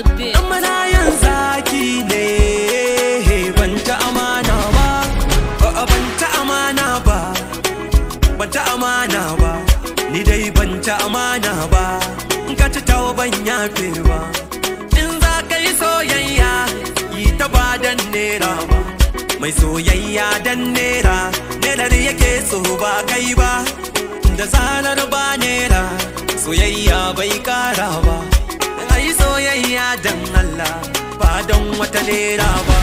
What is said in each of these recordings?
Dan marayan zaki ne banta amana ba, amana ba, ni dai banta amana ba, ka ci tawo ban yafe ba. In za ka yi soyayya yi ba dan nera ba, mai soyayya dan nera, nerar yake so ba kai ba, da zarar ba nera, soyayya bai kara ba. dan Allah ba don wata lera ba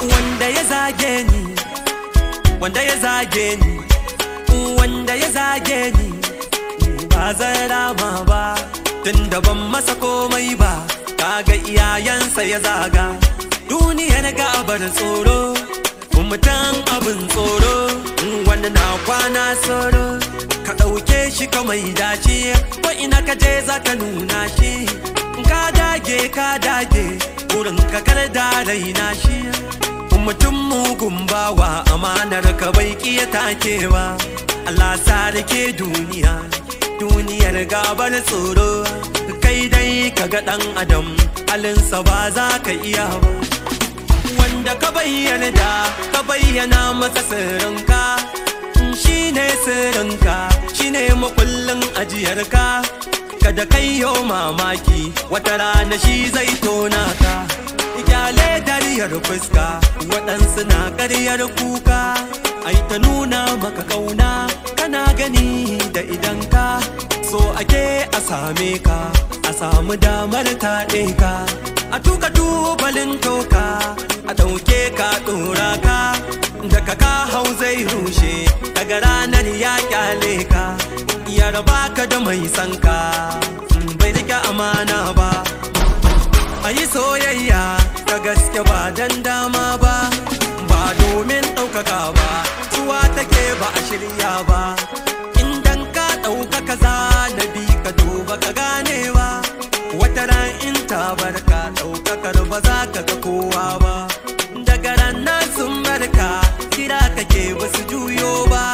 wanda ya zage ni wanda ya zage ni wanda ya zage ni ba zan rama ba tun da ban masa komai ba kaga iyayensa ya zaga duniyar gabar tsoro mutum abin tsoro wanda na kwana tsoro ka ɗauke shi ka mai dace ko ina ka je za ka nuna shi je ka dage wurin kar da raina shi mutum mugun bawa amanar ka bai kiya take ba Allah sarki duniya duniyar gabar tsoro kai dai kaga dan adam halinsa ba za ka iya ba wanda ka bayyana da ka bayyana masa sirrinka shi ne sirrinka shi ne makullin ajiyarka kada kai yo mamaki wata rana shi zai tona ka kyale dariyar fuska waɗansu na ƙaryar kuka ai ta nuna maka kauna kana gani da idan ka. so ake a same ka a samu damar taɗe ka a tuka tubalin toka a ɗauke ka ɗora ka daga ka hau zai rushe daga ranar ya kyale ka ya ka da mai sanka mana ba a yi soyayya ta gaske ba dan dama ba ba domin ɗaukaka ba tuwa take ba a shirya ba in dan ka ɗaukaka za da bi ka duba ka gane ba wata ran in ta barka ɗaukakar ba za ka ga kowa ba daga ran sun barka kira kake ba su juyo ba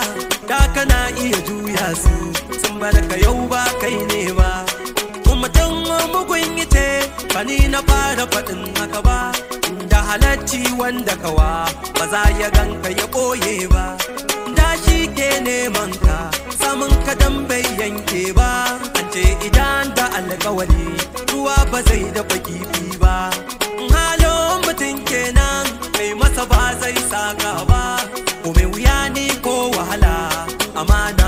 da kana iya juya su sun barka yau fani na fara faɗin haka ba da halarci wanda kawa ba za ya ganka ya ɓoye ba da shi ke neman ka samun ka dan bai yanke ba an ce idan da alkawari ruwa ba zai dafa kifi ba Halo mutum kenan mai masa ba zai saka ba ko mai wuya ni ko wahala amana